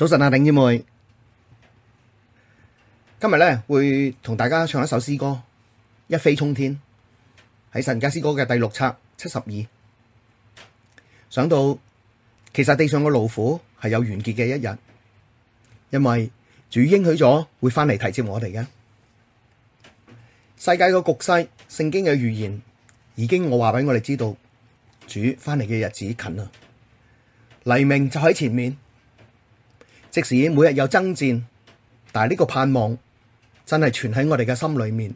早晨啊，弟兄妹，今日呢會同大家唱一首詩歌《一飛沖天》，喺神家詩歌嘅第六冊七十二。想到其實地上嘅勞苦係有完結嘅一日，因為主應許咗會翻嚟提接我哋嘅。世界個局勢，聖經嘅預言已經我話俾我哋知道，主翻嚟嘅日子近啦，黎明就喺前面。即使每日有爭戰，但係呢個盼望真係存喺我哋嘅心裏面，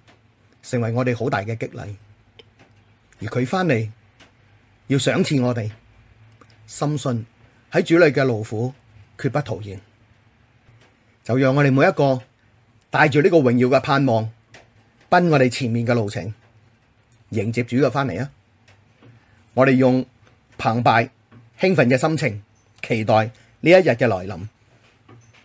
成為我哋好大嘅激勵。而佢翻嚟，要賞賜我哋，深信喺主裏嘅勞苦絕不徒然，就讓我哋每一個帶住呢個榮耀嘅盼望，奔我哋前面嘅路程，迎接主嘅翻嚟啊！我哋用澎湃興奮嘅心情，期待呢一日嘅來臨。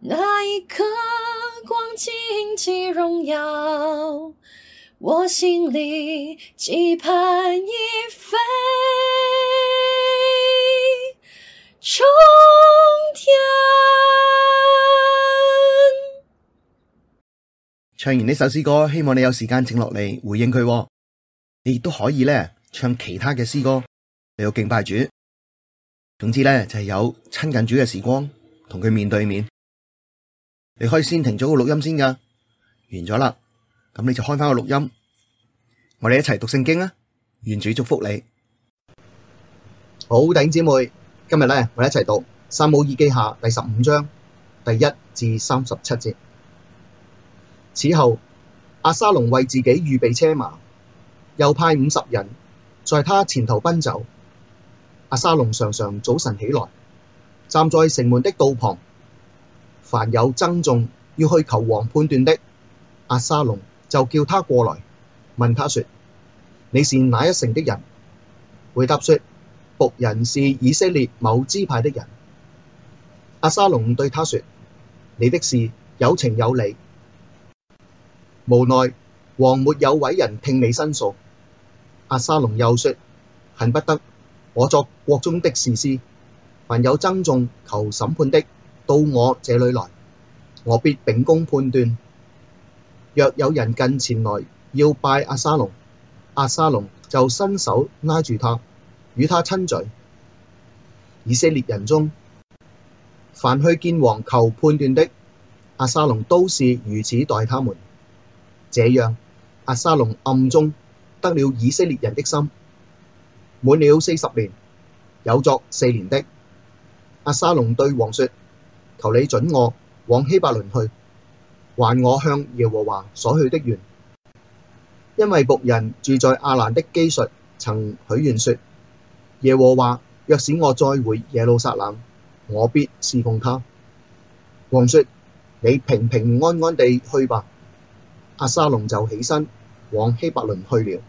那一刻，光景極榮耀，我心裡極盼一飛沖天。唱完呢首詩歌，希望你有時間靜落嚟回應佢。你亦都可以咧唱其他嘅詩歌，嚟到敬拜主。總之咧就係有親近主嘅時光，同佢面對面。你可以先停咗個錄音先噶，完咗啦，咁你就開翻個錄音，我哋一齊讀聖經啦，願主祝福你。好，弟兄姊妹，今日咧，我哋一齊讀《撒母耳記下》第十五章第一至三十七節。此後，押沙龍為自己預備車馬，又派五十人在他前頭奔走。押沙龍常常早晨起來，站在城門的道旁。凡有爭訟要去求王判斷的，阿撒龍就叫他過來，問他說：你是哪一城的人？回答說：僕人是以色列某支派的人。阿撒龍對他說：你的事有情有理，無奈王沒有委人聽你申訴。阿撒龍又說：恨不得我作國中的事師，凡有爭訟求審判的，到我這裡來，我必秉公判斷。若有人近前來要拜押沙龍，押沙龍就伸手拉住他，與他親嘴。以色列人中，凡去見王求判斷的，押沙龍都是如此待他們。這樣，押沙龍暗中得了以色列人的心。滿了四十年，有作四年的，押沙龍對王說。求你准我往希伯崙去，還我向耶和華所許的願，因為僕人住在亞蘭的基述，曾許願說：耶和華若使我再回耶路撒冷，我必事奉他。王說：你平平安安地去吧。押沙龍就起身往希伯崙去了。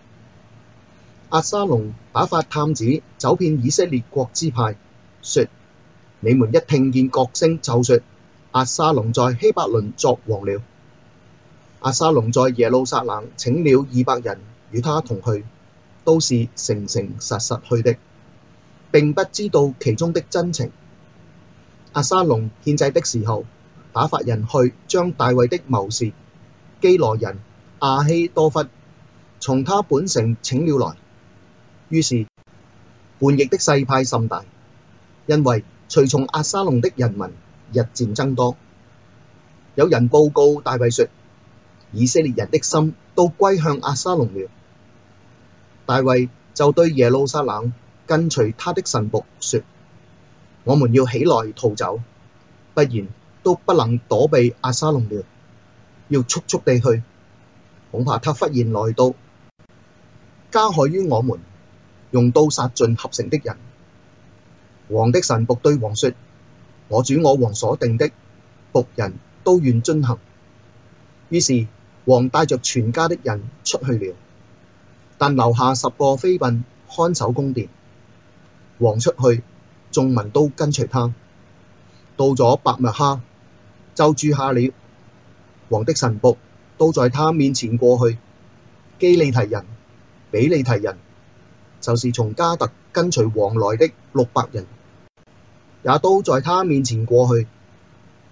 押沙龍打發探子走遍以色列各支派，說。你們一聽見角聲，就説押沙龍在希伯崙作王了。押沙龍在耶路撒冷請了二百人與他同去，都是誠誠實實實去的，並不知道其中的真情。押沙龍獻祭的時候，打發人去將大衛的謀士基羅人亞希多弗從他本城請了來，於是叛逆的勢派甚大，因為。隨從押沙龍的人民日漸增多，有人報告大衛說：以色列人的心都歸向押沙龍了。大衛就對耶路撒冷跟隨他的臣僕說：我們要起來逃走，不然都不能躲避押沙龍了。要速速地去，恐怕他忽然來到，加害於我們，用刀殺盡合城的人。王的臣僕對王說：我主我王所定的，僕人都願遵行。於是王帶着全家的人出去了，但留下十個妃嬪看守宮殿。王出去，眾民都跟隨他。到咗伯墨哈，就住下了。王的臣僕都在他面前過去。基利提人、比利提人，就是從迦特跟隨王來的六百人。也都在他面前過去。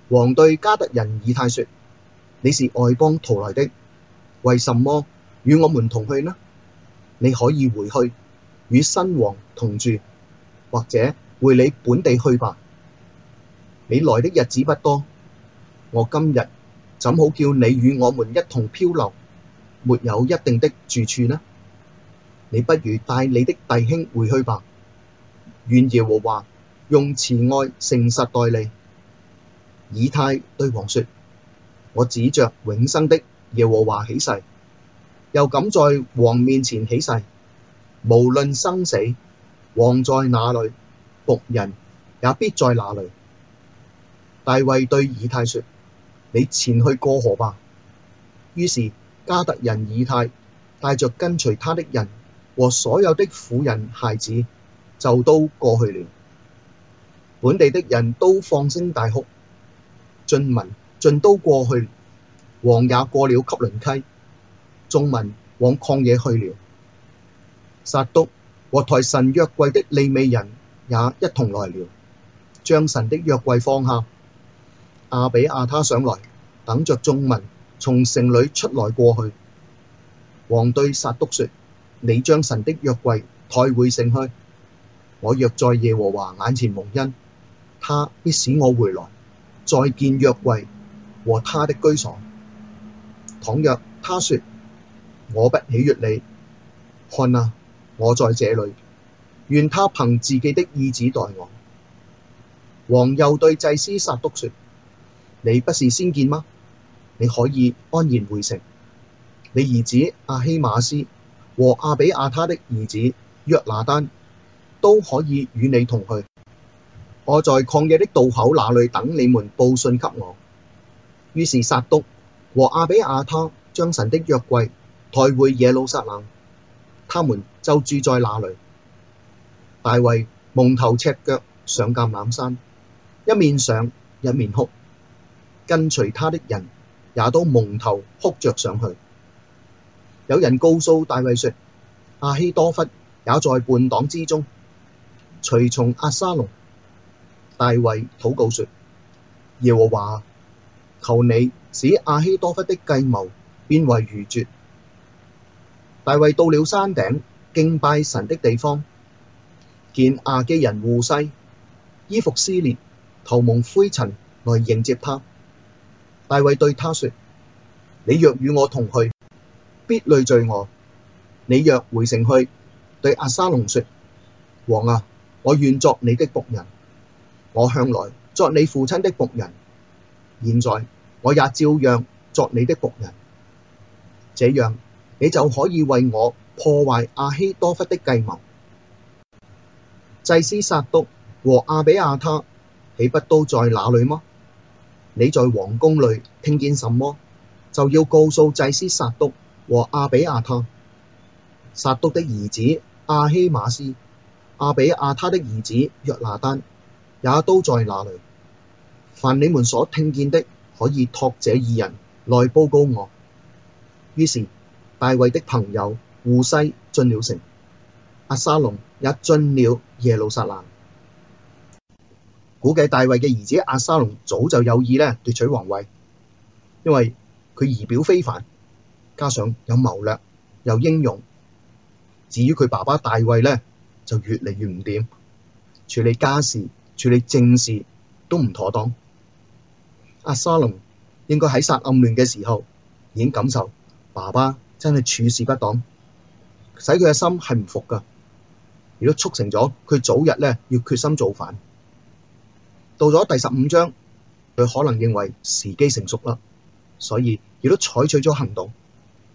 王對迦特人以太說：你是外邦逃來的，為什麼與我們同去呢？你可以回去與新王同住，或者回你本地去吧。你來的日子不多，我今日怎好叫你與我們一同漂流，沒有一定的住處呢？你不如帶你的弟兄回去吧。願耶和華用慈愛誠實待你，以太對王說：我指着永生的耶和華起誓，又敢在王面前起誓，無論生死，王在哪裡，僕人也必在那裡。大衛對以太說：你前去過河吧。於是迦特人以太帶着跟隨他的人和所有的婦人孩子，就都過去了。本地的人都放聲大哭，眾民盡都過去，王也過了汲淪溪，眾民往曠野去了。撒督和抬神約櫃的利未人也一同來了，將神的約櫃放下。亞比亞他上來，等着眾民從城裡出來過去。王對撒督說：你將神的約櫃抬回城去，我若在耶和華眼前蒙恩。他必使我回來，再見約櫃和他的居所。倘若他說我不喜悅你，看啊，我在這裏，願他憑自己的意旨待我。王又對祭司撒督說：你不是先見嗎？你可以安然回城。你兒子亞希瑪斯和亞比亞他的兒子約拿單都可以與你同去。我在曠野的渡口那裏等你們報信給我。於是撒督和亞比亞他將神的約櫃抬回耶路撒冷，他們就住在那裏。大衛蒙頭赤腳上橄欖山，一面上一面哭，跟隨他的人也都蒙頭哭着上去。有人告訴大衛說：亞希多弗也在叛黨之中。隨從押沙龍。大衛禱告說：，耶和華，求你使亞希多弗的計謀變為愚拙。大衛到了山頂敬拜神的地方，見亞基人戶篩衣服撕裂、頭蒙灰塵來迎接他。大衛對他說：，你若與我同去，必累贅我；你若回城去，對押沙龍說：，王啊，我願作你的僕人。我向來作你父親的僕人，現在我也照樣作你的僕人。這樣你就可以為我破壞亞希多弗的計謀。祭司撒督和亞比亞他豈不都在那裡麼？你在王宮裡聽見什麼，就要告訴祭司撒督和亞比亞他。撒督的兒子亞希瑪斯，亞比亞他的兒子約拿單，也都在那裡。凡你們所聽見的，可以託這二人來報告我。於是大衛的朋友戶篩進了城，押沙龍也進了耶路撒冷。估計大衛嘅兒子押沙龍早就有意咧奪取皇位，因為佢儀表非凡，加上有謀略又英勇。至於佢爸爸大衛呢，就越嚟越唔掂處理家事，處理正事都唔妥當。押沙龍應該喺殺暗嫩嘅時候已經感受爸爸真係處事不當，使佢嘅心係唔服㗎，亦都促成咗佢早日咧要決心造反。到咗第十五章，佢可能認為時機成熟啦，所以亦都採取咗行動，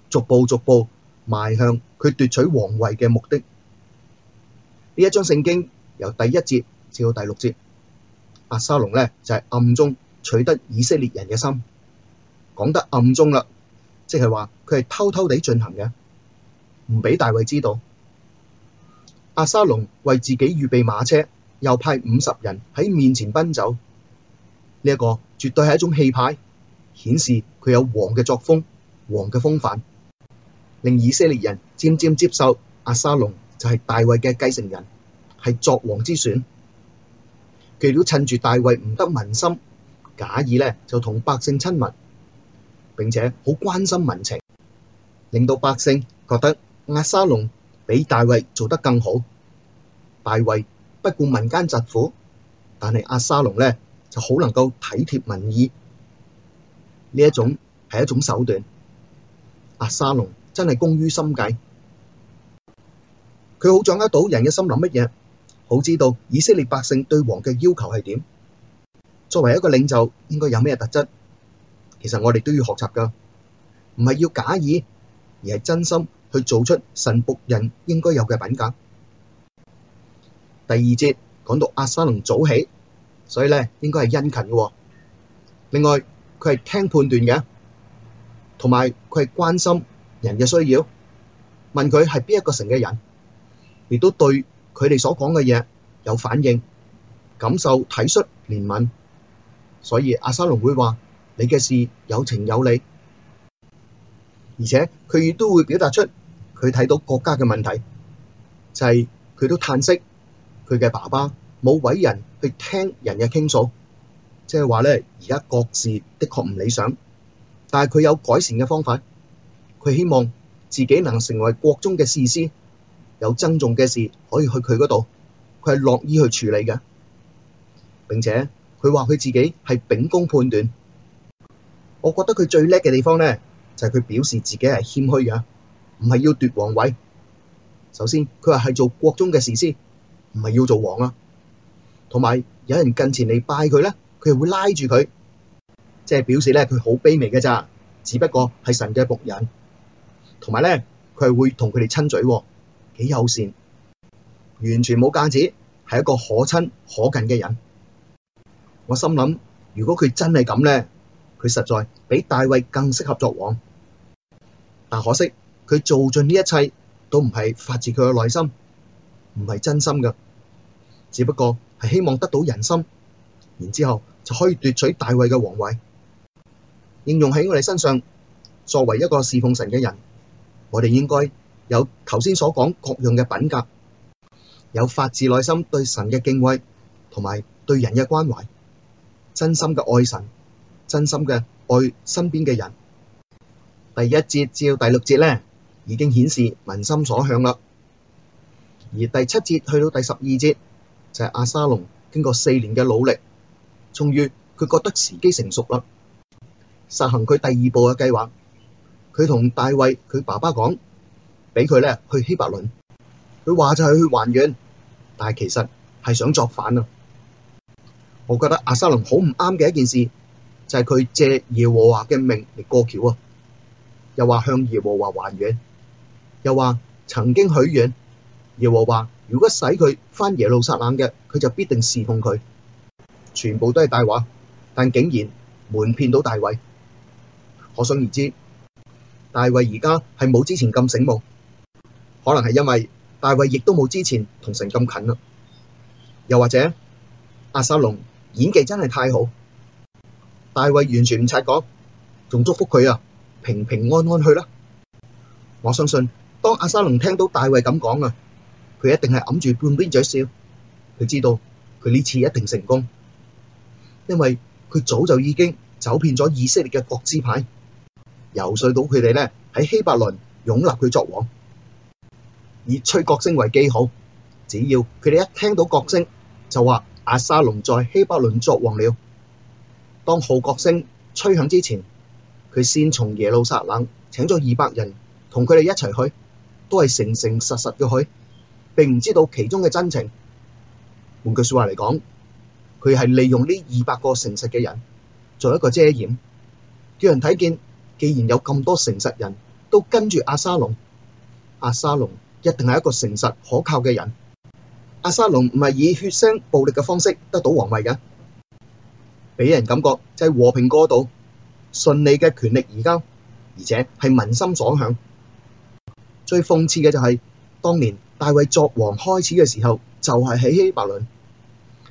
逐步逐步邁向佢奪取皇位嘅目的。呢一章聖經由第一節。至到第六節，押沙龍咧就係、是、暗中取得以色列人嘅心，講得暗中啦，即係話佢係偷偷地進行嘅，唔俾大衛知道。押沙龍為自己預備馬車，又派五十人喺面前奔走。呢、這、一個絕對係一種氣派，顯示佢有王嘅作風、王嘅風範，令以色列人漸漸接受押沙龍就係大衛嘅繼承人，係作王之選。佢都趁住大衛唔得民心，假意咧就同百姓親密，並且好關心民情，令到百姓覺得押沙龍比大衛做得更好。大衛不顧民間疾苦，但係押沙龍咧就好能夠體貼民意。呢一種係一種手段。押沙龍真係工於心計，佢好掌握到人嘅心諗乜嘢。好知道以色列百姓對王嘅要求係點，作為一個領袖應該有咩特質？其實我哋都要學習噶，唔係要假意，而係真心去做出神僕人應該有嘅品格。第二節講到押沙龍早起，所以咧應該係殷勤嘅。另外佢係聽判斷嘅，同埋佢係關心人嘅需要，問佢係邊一個城嘅人，亦都對。佢哋所講嘅嘢有反應、感受、體恤、憐憫，所以押沙龍會話：你嘅事有情有理，而且佢亦都會表達出佢睇到國家嘅問題，就係、是、佢都嘆息，佢嘅爸爸冇委人去聽人嘅傾訴，即係話咧，而家國事的確唔理想，但係佢有改善嘅方法，佢希望自己能成為國中嘅士師。有爭訟嘅事可以去佢嗰度，佢係樂意去處理嘅。並且佢話佢自己係秉公判斷。我覺得佢最叻嘅地方咧，就係、是、佢表示自己係謙虛嘅，唔係要奪王位。首先佢話係做國中嘅事先，唔係要做王啊。同埋有,有人近前嚟拜佢咧，佢係會拉住佢，即係表示咧佢好卑微嘅咋，只不過係神嘅僕人。同埋咧，佢係會同佢哋親嘴。幾友善，完全冇架子，係一個可親可近嘅人。我心諗，如果佢真係咁呢，佢實在比大衛更適合作王。但可惜，佢做盡呢一切，都唔係發自佢嘅內心，唔係真心㗎，只不過係希望得到人心，然之後就可以奪取大衛嘅皇位。應用喺我哋身上，作為一個侍奉神嘅人，我哋應該。有頭先所講各樣嘅品格，有發自內心對神嘅敬畏同埋對人嘅關懷，真心嘅愛神，真心嘅愛身邊嘅人。第一節至到第六節呢，已經顯示民心所向啦。而第七節去到第十二節，就係押沙龍經過四年嘅努力，終於佢覺得時機成熟啦，實行佢第二步嘅計劃。佢同大衛佢爸爸講。俾佢咧去希伯崙，佢話就係去還願，但係其實係想作反啊！我覺得押沙龍好唔啱嘅一件事，就係、是、佢借耶和華嘅命嚟過橋啊！又話向耶和華還願，又話曾經許願，耶和華如果使佢翻耶路撒冷嘅，佢就必定侍奉佢。全部都係大話，但竟然瞞騙到大衛。可想而知，大衛而家係冇之前咁醒目。可能係因為大衛亦都冇之前同神咁近啦，又或者押沙龍演技真係太好，大衛完全唔察覺，仲祝福佢啊，平平安安去啦。我相信當押沙龍聽到大衛咁講啊，佢一定係揞住半邊嘴笑，佢知道佢呢次一定成功，因為佢早就已經走遍咗以色列嘅各支派，游説到佢哋咧喺希伯崙擁立佢作王。以吹角聲為記號，只要佢哋一聽到角聲，就話押沙龍在希伯崙作王了。當號角聲吹響之前，佢先從耶路撒冷請咗二百人同佢哋一齊去，都係誠誠實實嘅去，並唔知道其中嘅真情。換句説話嚟講，佢係利用呢二百個誠實嘅人做一個遮掩，叫人睇見。既然有咁多誠實人都跟住押沙龍，押沙龍，一定係一個誠實可靠嘅人。押沙龍唔係以血腥暴力嘅方式得到皇位嘅，俾人感覺就係和平過渡、順利嘅權力移交，而且係民心所向。最諷刺嘅就係、是、當年大衛作王開始嘅時候，就係喺希伯崙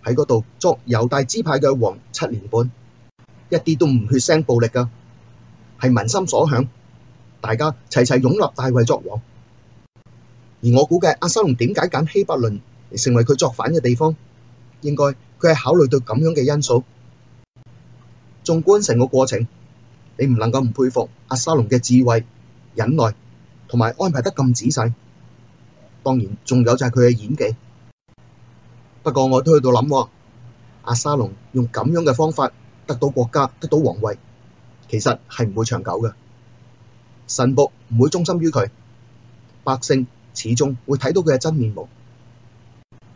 喺嗰度作猶大支派嘅王七年半，一啲都唔血腥暴力噶，係民心所向，大家齊齊擁立大衛作王。而我估計押沙龍點解揀希伯崙嚟，成為佢作反嘅地方？應該佢係考慮到咁樣嘅因素。縱觀成個過程，你唔能夠唔佩服押沙龍嘅智慧、忍耐同埋安排得咁仔細。當然仲有就係佢嘅演技。不過我都喺度諗，押沙龍用咁樣嘅方法得到國家、得到皇位，其實係唔會長久嘅。神僕唔會忠心於佢，百姓始終會睇到佢嘅真面目，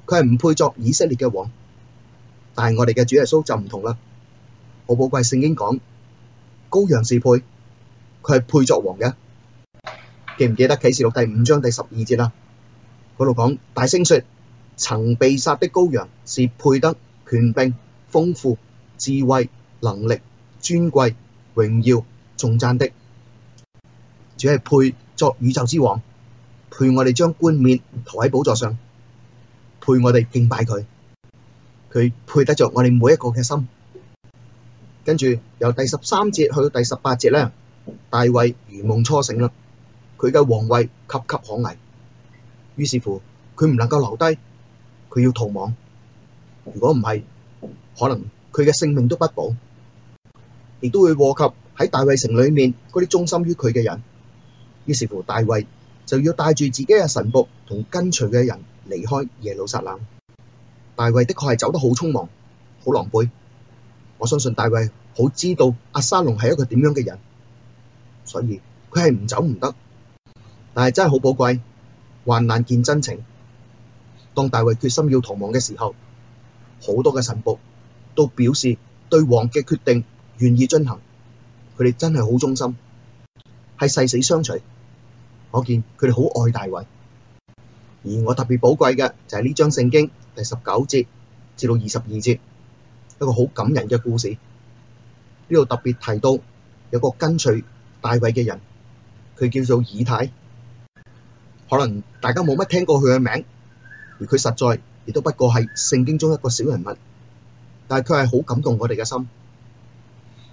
佢係唔配作以色列嘅王，但係我哋嘅主耶穌就唔同啦。好寶貴，聖講，聖經講羔羊是配，佢係配作王嘅。記唔記得啟示錄第五章第十二節啊？嗰度講，大聲說：曾被殺的羔羊是配得權柄、豐富、智慧、能力、尊貴、榮耀、重讚的，主係配作宇宙之王，陪我哋將冠冕投喺寶座上，陪我哋敬拜佢，佢配得着我哋每一個嘅心。跟住由第十三節去到第十八節咧，大衛如夢初醒啦，佢嘅皇位岌岌可危，於是乎佢唔能夠留低，佢要逃亡。如果唔係，可能佢嘅性命都不保，亦都會禍及喺大衛城裏面嗰啲忠心於佢嘅人。於是乎，大衛。就要帶住自己嘅臣僕同跟隨嘅人離開耶路撒冷。大衛的確係走得好匆忙，好狼狽。我相信大衛好知道押沙龍係一個點樣嘅人，所以佢係唔走唔得。但係真係好寶貴，患難見真情。當大衛決心要逃亡嘅時候，好多嘅臣僕都表示對王嘅決定願意遵行，佢哋真係好忠心，係誓死相隨。可見佢哋好愛大衛，而我特別寶貴嘅就係呢章聖經第十九節至到二十二節一個好感人嘅故事。呢度特別提到有個跟隨大衛嘅人，佢叫做以太，可能大家冇乜聽過佢嘅名，而佢實在亦都不過係聖經中一個小人物，但係佢係好感動我哋嘅心。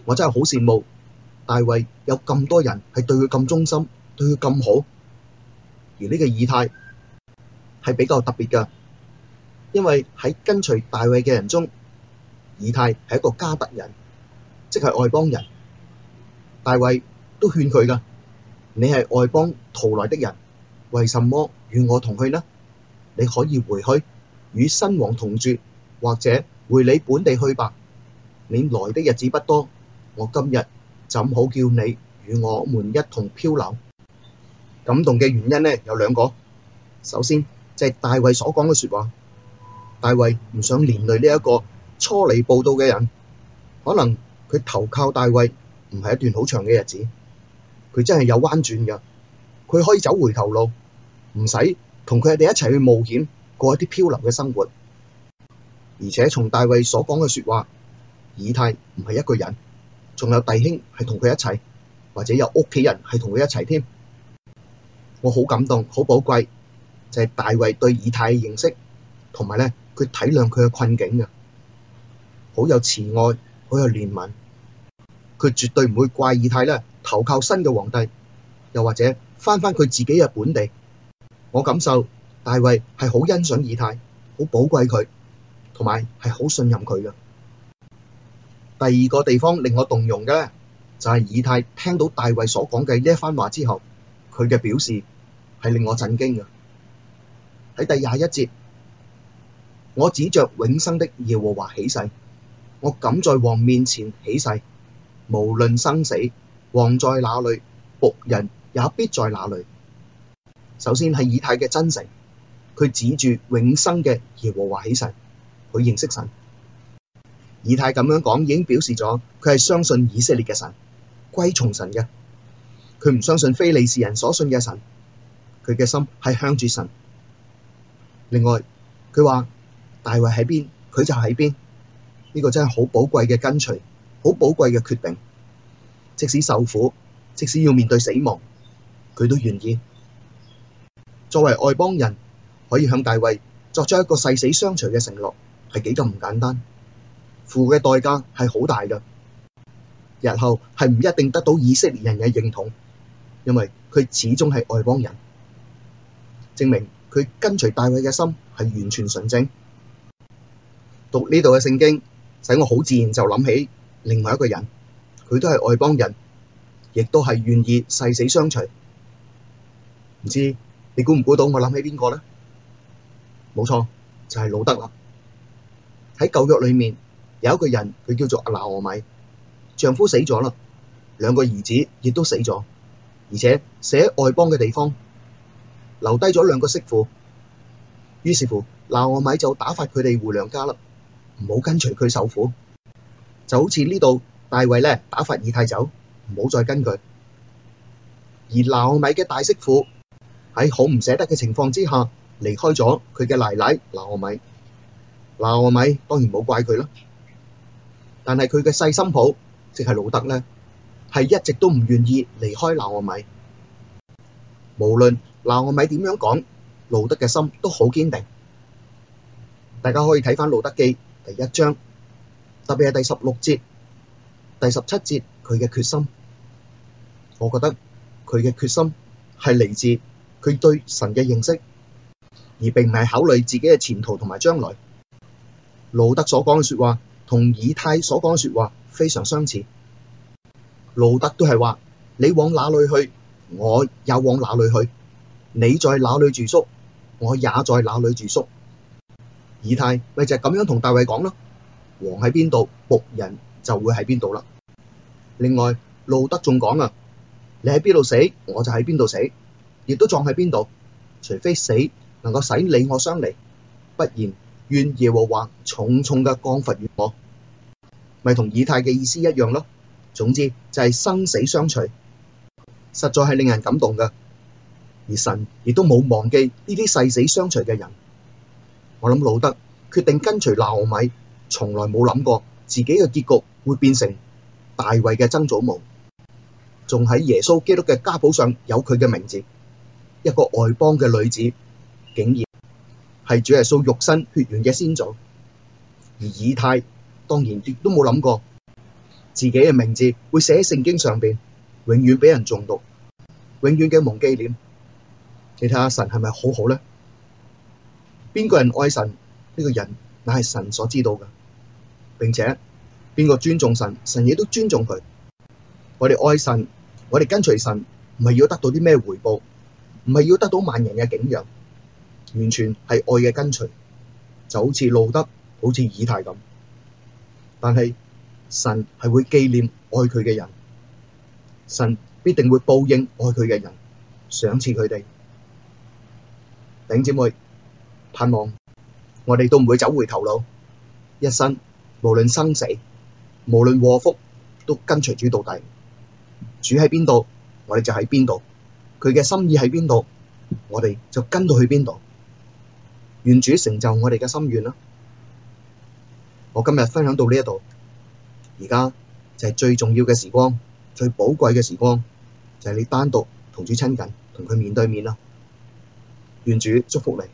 我真係好羨慕大衛有咁多人係對佢咁忠心。對佢咁好，而呢個以太係比較特別嘅，因為喺跟隨大衛嘅人中，以太係一個迦特人，即係外邦人。大衛都勸佢噶，你係外邦逃來的人，為什麼與我同去呢？你可以回去與新王同住，或者回你本地去吧。你來的日子不多，我今日怎好叫你與我們一同飄流？感動嘅原因咧有兩個，首先就係大衛所講嘅説話。大衛唔想連累呢一個初嚟報到嘅人，可能佢投靠大衛唔係一段好長嘅日子，佢真係有彎轉㗎，佢可以走回頭路，唔使同佢哋一齊去冒險過一啲漂流嘅生活。而且從大衛所講嘅説話，以太唔係一個人，仲有弟兄係同佢一齊，或者有屋企人係同佢一齊添。我好感動，好寶貴，就係大衛對以太嘅認識，同埋咧，佢體諒佢嘅困境嘅，好有慈愛，好有憐憫，佢絕對唔會怪以太咧投靠新嘅皇帝，又或者翻翻佢自己嘅本地。我感受大衛係好欣賞以太，好寶貴佢，同埋係好信任佢嘅。第二個地方令我動容嘅咧，就係以太聽到大衛所講嘅呢一番話之後。佢嘅表示係令我震驚嘅。喺第廿一節，我指着永生的耶和華起誓，我敢在王面前起誓，無論生死，王在哪裡，僕人也必在那裡。首先係以太嘅真誠，佢指住永生嘅耶和華起誓，佢認識神。以太咁樣講已經表示咗佢係相信以色列嘅神，歸從神嘅。佢唔相信非利士人所信嘅神，佢嘅心係向住神。另外，佢話大衛喺邊，佢就喺邊。呢個真係好寶貴嘅跟隨，好寶貴嘅決定。即使受苦，即使要面對死亡，佢都願意。作為外邦人，可以向大衛作出一個誓死相隨嘅承諾，係幾咁唔簡單。付嘅代價係好大噶，日後係唔一定得到以色列人嘅認同。因為佢始終係外邦人，證明佢跟隨大衛嘅心係完全純正。讀呢度嘅聖經，使我好自然就諗起另外一個人，佢都係外邦人，亦都係願意誓死相隨。唔知你估唔估到我諗起邊個呢？冇錯，就係、是、老德啦。喺舊約裏面，有一個人佢叫做阿拿俄米，丈夫死咗啦，兩個兒子亦都死咗。而且死喺外邦嘅地方，留低咗兩個媳婦，於是乎拿俄米就打發佢哋回娘家啦，唔好跟隨佢受苦，就好似呢度大衛咧打發以太走，唔好再跟佢。而拿俄米嘅大媳婦喺好唔捨得嘅情況之下離開咗佢嘅奶奶拿俄米，拿俄米當然冇怪佢啦，但係佢嘅細新抱即係路德咧。係一直都唔願意離開拿俄米，無論拿俄米點樣講，路得嘅心都好堅定。大家可以睇返《路得記》第一章，特別係第十六節、第十七節佢嘅決心。我覺得佢嘅決心係嚟自佢對神嘅認識，而並唔係考慮自己嘅前途同埋將來。路得所講嘅説話同以太所講嘅説話非常相似。路德都係話：你往哪裡去，我也往哪裡去；你在哪裡住宿，我也在哪裡住宿。以太咪就係咁樣同大衛講咯。王喺邊度，僕人就會喺邊度啦。另外，路德仲講啊：你喺邊度死，我就喺邊度死；亦都葬喺邊度，除非死能夠使你我相離，不然願耶和華重重嘅降罰於我，咪同以太嘅意思一樣咯。總之就係生死相隨，實在係令人感動噶而神亦都冇忘記呢啲誓死相隨嘅人。我諗路得決定跟隨拿俄米，從來冇諗過自己嘅結局會變成大衛嘅曾祖母，仲喺耶穌基督嘅家譜上有佢嘅名字。一個外邦嘅女子，竟然係主耶穌肉身血緣嘅先祖。而以太當然亦都冇諗過。自己嘅名字會寫喺聖經上邊，永遠俾人中毒，永遠嘅蒙記念。你睇下神係咪好好咧？邊個人愛神呢個人，乃係神所知道嘅，並且邊個尊重神，神亦都尊重佢。我哋愛神，我哋跟隨神，唔係要得到啲咩回報，唔係要得到萬人嘅景仰，完全係愛嘅跟隨，就好似路得，好似以太咁。但係。神係會紀念愛佢嘅人，神必定會報應愛佢嘅人，賞賜佢哋。頂姊妹盼望我哋都唔會走回頭路，一生無論生死，無論禍福，都跟隨主到底。主喺邊度，我哋就喺邊度；佢嘅心意喺邊度，我哋就跟到去邊度。願主成就我哋嘅心願啦！我今日分享到呢一度。而家就係最重要嘅時光，最寶貴嘅時光，就係你單獨同主親近，同佢面對面啦。願主祝福你。